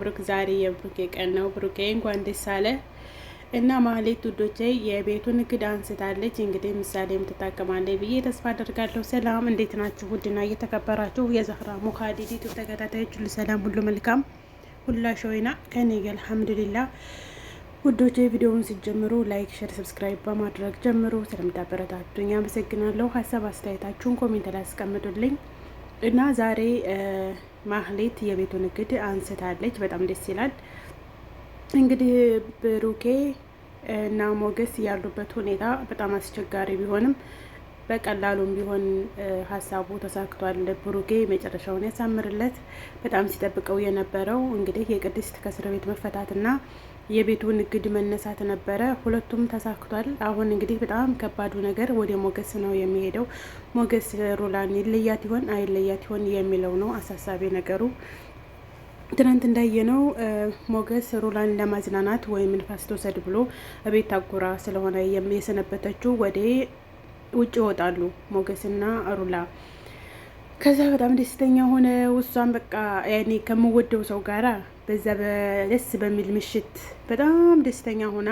ብሩክ ዛሬ የብሩኬ ቀን ነው። ብሩኬ እንኳን ደስ አለ እና ማህሌት ውዶቼ የቤቱን እግድ አንስታለች። እንግዲህ ምሳሌም የምትጠቀማለ ብዬ ተስፋ አደርጋለሁ። ሰላም እንዴት ናችሁ? ውድና እየተከበራችሁ የዘህራ ሙካዲዲቱ ዩቱብ ተከታታዮች ሁሉ ሰላም፣ ሁሉ መልካም፣ ወይና ከኔ ጋ አልሐምዱሊላ። ውዶቼ ቪዲዮውን ሲጀምሩ ላይክ፣ ሼር፣ ሰብስክራይብ በማድረግ ጀምሩ። ስለምታበረታቱኝ አመሰግናለሁ። ሀሳብ አስተያየታችሁን ኮሜንት ላይ አስቀምጡልኝ እና ዛሬ ማህሌት የቤቱን እግድ አንስታለች። በጣም ደስ ይላል። እንግዲህ ብሩኬ እና ሞገስ ያሉበት ሁኔታ በጣም አስቸጋሪ ቢሆንም በቀላሉም ቢሆን ሀሳቡ ተሳክቷል። ብሩኬ መጨረሻውን ያሳምርለት። በጣም ሲጠብቀው የነበረው እንግዲህ የቅድስት ከእስር ቤት መፈታትና የቤቱ ንግድ መነሳት ነበረ። ሁለቱም ተሳክቷል። አሁን እንግዲህ በጣም ከባዱ ነገር ወደ ሞገስ ነው የሚሄደው። ሞገስ ሩላን ይለያት ይሆን አይለያት ይሆን የሚለው ነው አሳሳቢ ነገሩ። ትናንት እንዳየነው ሞገስ ሩላን ለማዝናናት ወይም ንፋስ ብሎ ቤት ታጉራ ስለሆነ የሰነበተችው ወደ ውጭ ይወጣሉ ሞገስና አሩላ። ከዛ በጣም ደስተኛ ሆነ። እሷን በቃ ያኔ ከምወደው ሰው ጋራ በዛ ደስ በሚል ምሽት በጣም ደስተኛ ሆና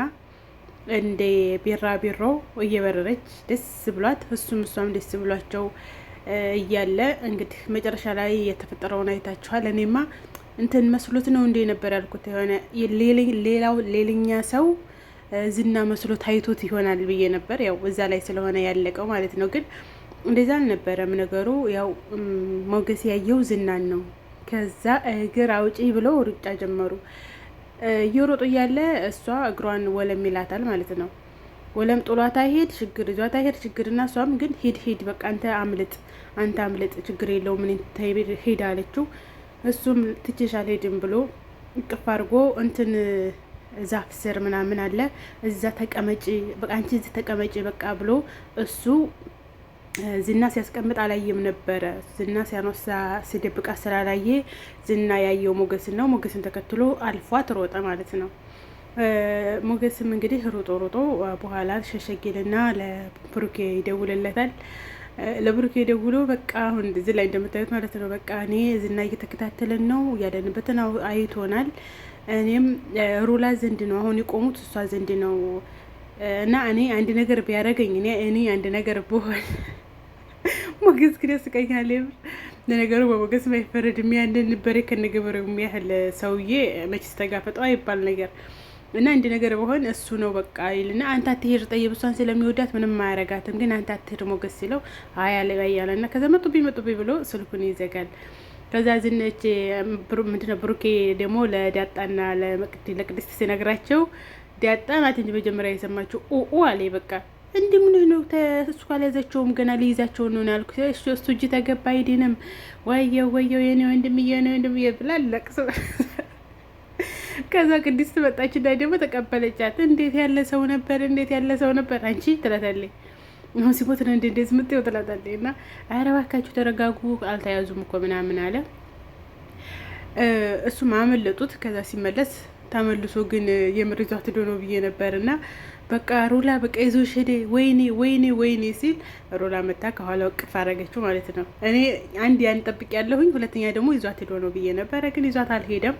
እንደ ቢራቢሮ እየበረረች ደስ ብሏት እሱም እሷም ደስ ብሏቸው እያለ እንግዲህ መጨረሻ ላይ የተፈጠረውን አይታችኋል። እኔማ እንትን መስሎት ነው እንደ ነበር ያልኩት የሆነ ሌላው ሌላኛ ሰው ዝና መስሎ ታይቶት ይሆናል ብዬ ነበር። ያው እዛ ላይ ስለሆነ ያለቀው ማለት ነው። ግን እንደዛ አልነበረም ነገሩ። ያው ሞገስ ያየው ዝናን ነው። ከዛ እግር አውጪ ብለው ሩጫ ጀመሩ። እየሮጡ እያለ እሷ እግሯን ወለም ይላታል ማለት ነው። ወለም ጥሏታ ሄድ ችግር ይዟታ ሄድ ችግር እና እሷም ግን ሂድ ሂድ በቃ አንተ አምልጥ አንተ አምልጥ ችግር የለው ምን ሄድ አለችው። እሱም ትችሽ አልሄድም ብሎ እቅፍ አድርጎ እንትን ዛፍ ስር ምናምን አለ እዛ ተቀመጪ፣ በቃ አንቺ እዚህ ተቀመጪ በቃ ብሎ እሱ ዝና ሲያስቀምጥ አላየም ነበረ። ዝና ሲያኖሳ ሲደብቃ ስላላየ ዝና ያየው ሞገስን ነው። ሞገስን ተከትሎ አልፏት ሮጠ ማለት ነው። ሞገስም እንግዲህ ሮጦ ሮጦ በኋላ ሸሸጌልና ለብሩኬ ይደውልለታል። ለብሩኬ ደውሎ በቃ አሁን እዚህ ላይ እንደምታዩት ማለት ነው። በቃ እኔ ዝና እየተከታተለን ነው ያለንበትን አይቶናል እኔም ሩላ ዘንድ ነው አሁን የቆሙት፣ እሷ ዘንድ ነው እና እኔ አንድ ነገር ቢያደርገኝ እኔ እኔ አንድ ነገር ብሆን ሞገስ ግን ያስቀኛል። ለነገሩ በሞገስ ማይፈረድ የሚያንን በሬ ከነገበሬ የሚያህል ሰውዬ መቼስ ተጋፈጠው አይባል ነገር እና አንድ ነገር በሆን እሱ ነው በቃ ይልና አንተ አትሄድ ጠይብ፣ እሷን ስለሚወዳት ምንም አያረጋትም፣ ግን አንተ አትሄድ ሞገስ ሲለው አያለ ያለ እና ከዛ መጡብኝ መጡብኝ ብሎ ስልኩን ይዘጋል። ከዛ ዝነች ምንድን ብሩኬ ደግሞ ለዳጣና ለቅድስት ሲነግራቸው ዳጣ ናት እንጂ መጀመሪያ የሰማችው ኡኡ አለ። በቃ እንዲህ ምን ነው እሱ ካልያዛቸውም ገና ሊይዛቸው ነው ያልኩ። እሱ እጅ ተገባ አይድንም። ወየው ወየው የኔ ወንድምዬ የኔ ወንድምዬ ብላ ለቅሶ ከዛ ቅድስት መጣች እና ደግሞ ተቀበለቻት። እንዴት ያለ ሰው ነበር! እንዴት ያለ ሰው ነበር! አንቺ ትላታለች አሁን ሲሞት ነው እንዴ እንደዚህ ምጥው ተላታለ እና ኧረ እባካችሁ ተረጋጉ፣ አልተያዙም እኮ ምናምን አለ። እሱም አመለጡት። ከዛ ሲመለስ ተመልሶ ግን የምር ይዟት ሄዶ ነው ብዬ ነበር እና በቃ ሮላ በቃ ይዞ ሄደ። ወይኔ ወይኔ ወይኔ ሲል ሮላ መታ ከኋላ እቅፍ አረገችው ማለት ነው። እኔ አንድ ያን ጠብቅ ያለሁኝ፣ ሁለተኛ ደግሞ ይዟት ሄዶ ነው ብዬ ነበረ፣ ግን ይዟት አልሄደም።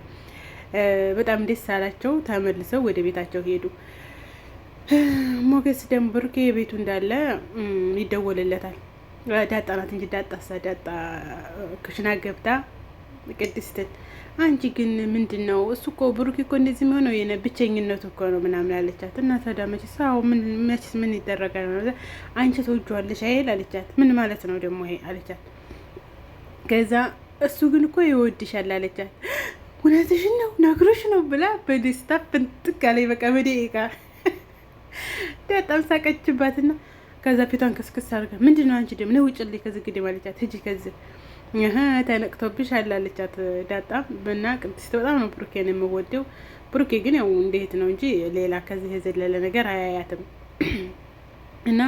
በጣም ደስ አላቸው። ተመልሰው ወደ ቤታቸው ሄዱ። ሞገስ ደም ብሩኬ የቤቱ እንዳለ ይደወልለታል። ዳጣ ናት እንጂ ዳጣ ሳ ዳጣ ክሽና ገብታ ቅድስትን አንቺ ግን ምንድን ነው እሱ እኮ ብሩኬ እኮ እንደዚህ የሚሆነው የነ ብቸኝነቱ እኮ ነው ምናምን አለቻት። እና ታዲያ መቼስ አዎ መቼስ ምን ይደረጋል ነው አንቺ ተወጇዋለሽ አይል አለቻት። ምን ማለት ነው ደግሞ ይሄ አለቻት። ከዛ እሱ ግን እኮ ይወድሻል አለቻት። እውነትሽን ነው ነግሮሽ ነው ብላ በደስታ ፍንጥቅ አለኝ። በቃ በደቂቃ በጣም ጠምሳቀችባትና ከዛ ፊቷን ክስክስ አድርጋ ምንድን ነው አንቺ ደም ነው ውጭ ልይ ከዚህ ግዴ ማለቻት። ሂጂ ከዚህ ተነቅቶብሽ አላለቻት። ዳጣ እና ቅድስት በጣም ነው ብሩኬን የምወደው። ብሩኬ ግን ያው እንዴት ነው እንጂ ሌላ ከዚህ የዘለለ ነገር አያያትም። እና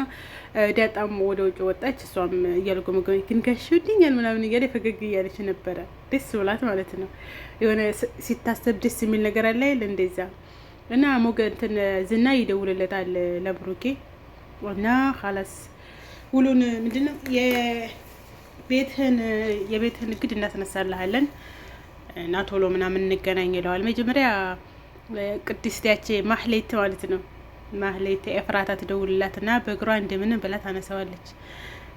ዳጣም ወደ ውጭ ወጣች። እሷም እያልጎመጎ ግን ጋሽውድኛል ምናምን እያለ ፈገግ እያለች ነበረ፣ ደስ ብላት ማለት ነው። የሆነ ሲታሰብ ደስ የሚል ነገር አለ አይደል እንደዛ እና ሞገ እንትን ዝና ይደውልለታል ለብሩኬ እና ካላስ ሁሉን ምንድነው የቤትህን የቤትህን እግድ እናስነሳልሃለን እና ቶሎ ምናምን እንገናኝ ይለዋል። መጀመሪያ ቅድስት ማህሌት ማለት ነው ማህሌት ኤፍራታ ትደውልላት እና በእግሯ እንደምንም ብላ ታነሳዋለች።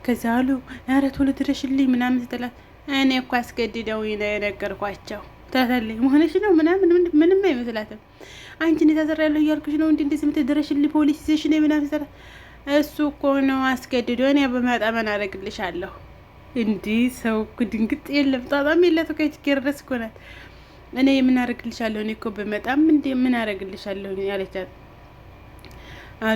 ከዚያ አሉ ኧረ ቶሎ ድረሽልኝ ምናምን ስትላት እኔ እኮ አስገድደው የነገርኳቸው ታታለኝ መሆንሽ ነው ምናምን ምንም አይመስላትም። አንቺ እንዴት አሰራ ያለሁ እያልኩሽ ነው እንዲ እንዴት የምትደረሽልኝ ፖሊስ ነው ምናምን ሰራ እሱ እኮ ነው አስገድዶ እኔ በመጣ መን አደርግልሻለሁ። እንዲህ ሰው እኮ ድንግጥ የለም ጣጣም የለት ከችግር ድረስ እኮ ናት። እኔ የምናደርግልሻለሁ እኔ እኮ በመጣም ምን የምናደርግልሻለሁ ያለቻት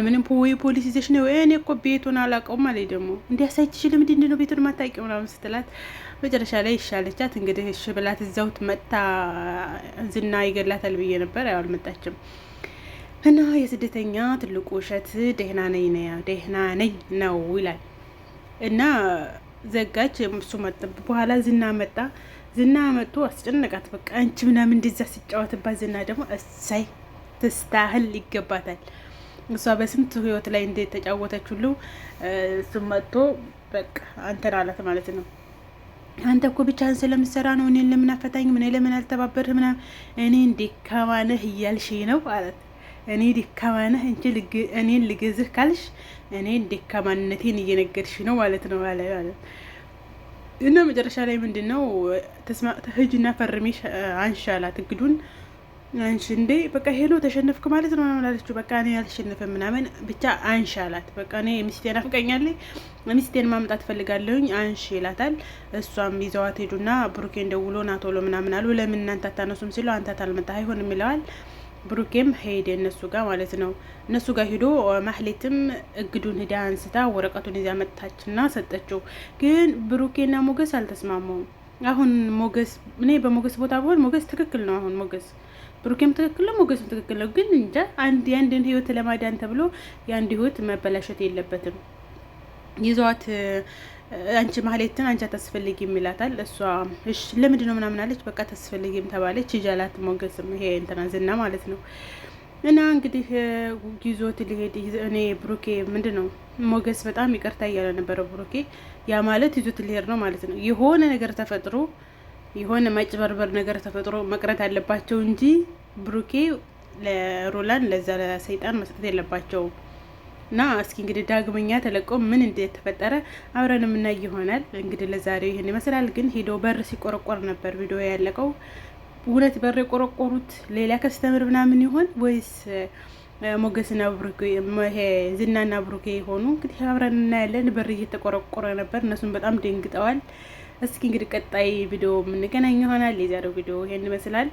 ምንም ፖሊስ ይዘሽ ነው? እኔ እኮ ቤቱን አላውቀውም አለኝ። ደግሞ እንዲያሳይችልም እንዲ ነው ቤቱን ማታውቂው ምናምን ስትላት መጨረሻ ላይ ይሻለቻት እንግዲህ እሺ ብላት እዛው መጥታ ዝና ይገላታል ብዬ ነበር፣ ያው አልመጣችም። እና የስደተኛ ትልቁ ውሸት ደህና ነኝ ደህና ነኝ ነው ይላል እና ዘጋች። እሱ መጣ በኋላ ዝና መጣ። ዝና መጥቶ አስጨነቃት። በቃ አንቺ ምናምን እንደዛ ሲጫወትባት ዝና ደግሞ እሳይ ትስታህል ይገባታል እሷ በስንት ህይወት ላይ እንዴት ተጫወተች ሁሉ እሱም መጥቶ በቃ አንተን አላት ማለት ነው። አንተ እኮ ብቻህን ስለምሰራ ነው እኔን ለምን አፈታኝ ምን ለምን አልተባበርህ ምናምን እኔ ደካማ ነህ እያልሽ ነው አላት። እኔ ደካማ ነህ እንጂ እኔን ልገዝህ ካልሽ እኔን ደካማነቴን እየነገርሽ ነው ማለት ነው አለ ማለት እና መጨረሻ ላይ ምንድን ነው ተስማ ህጅና ፈርሜሽ አንሻላት እግዱን አንቺ እንዴ በቃ ሄሎ ተሸነፍክ ማለት ነው ምናምን አለችው። በቃ እኔ አልሸነፈም ምናምን ብቻ አንሺ አላት። በቃ እኔ ሚስቴን ናፍቀኛለች ሚስቴን ማምጣት ፈልጋለሁኝ አንሺ ይላታል። እሷም ይዘዋት ሄዱና ብሩኬን ደውሎ ና ቶሎ ምናምን አሉ። ለምን እናንተ አታነሱም ሲለው አንተ ታልመጣ አይሆንም ይለዋል። ብሩኬም ሄደ እነሱ ጋር ማለት ነው። እነሱ ጋር ሂዶ ማህሌትም እግዱን ሂዳ አንስታ ወረቀቱን ይዛ መጣችና ሰጠችው። ግን ብሩኬና ሞገስ አልተስማሙም። አሁን ሞገስ እኔ በሞገስ ቦታ ብሆን ሞገስ ትክክል ነው። አሁን ሞገስ ብሩኬም ትክክል ነው፣ ሞገስም ትክክል ነው። ግን እንጃ አንድ የአንድን ህይወት ለማዳን ተብሎ የአንድ ህይወት መበላሸት የለበትም። ይዘዋት አንቺ ማህሌትን አንቺ አታስፈልጊም ይላታል። እሷ እሺ ለምንድን ነው ምናምን አለች። በቃ አታስፈልጊም ተባለች። ይጃላት ሞገስም ይሄ እንትና ዝና ማለት ነው። እና እንግዲህ ጊዞት ሊሄድ እኔ ብሩኬ ምንድን ነው ሞገስ በጣም ይቅርታ እያለ ነበረ። ብሩኬ ያ ማለት ይዞት ሊሄድ ነው ማለት ነው። የሆነ ነገር ተፈጥሮ የሆነ መጭበርበር ነገር ተፈጥሮ መቅረት አለባቸው እንጂ ብሩኬ ለሮላን ለዛ ለሰይጣን መስጠት የለባቸውም። እና እስኪ እንግዲህ ዳግመኛ ተለቆ ምን እንደተፈጠረ አብረን የምናይ ይሆናል። እንግዲህ ለዛሬው ይህን ይመስላል። ግን ሄዶ በር ሲቆረቆር ነበር ቪዲዮ ያለቀው። እውነት በር የቆረቆሩት ሌላ ከስተምር ምናምን ይሆን ወይስ ሞገስና ብሩኬ ዝናና ብሩኬ የሆኑ እንግዲህ አብረን እናያለን። በር እየተቆረቆረ ነበር። እነሱም በጣም ደንግጠዋል። እስኪ እንግዲህ ቀጣይ ቪዲዮ የምንገናኝ ይሆናል። የዛሬው ቪዲዮ ይህን ይመስላል።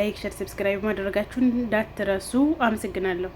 ላይክ፣ ሸር፣ ሰብስክራይብ ማድረጋችሁን እንዳትረሱ። አመሰግናለሁ።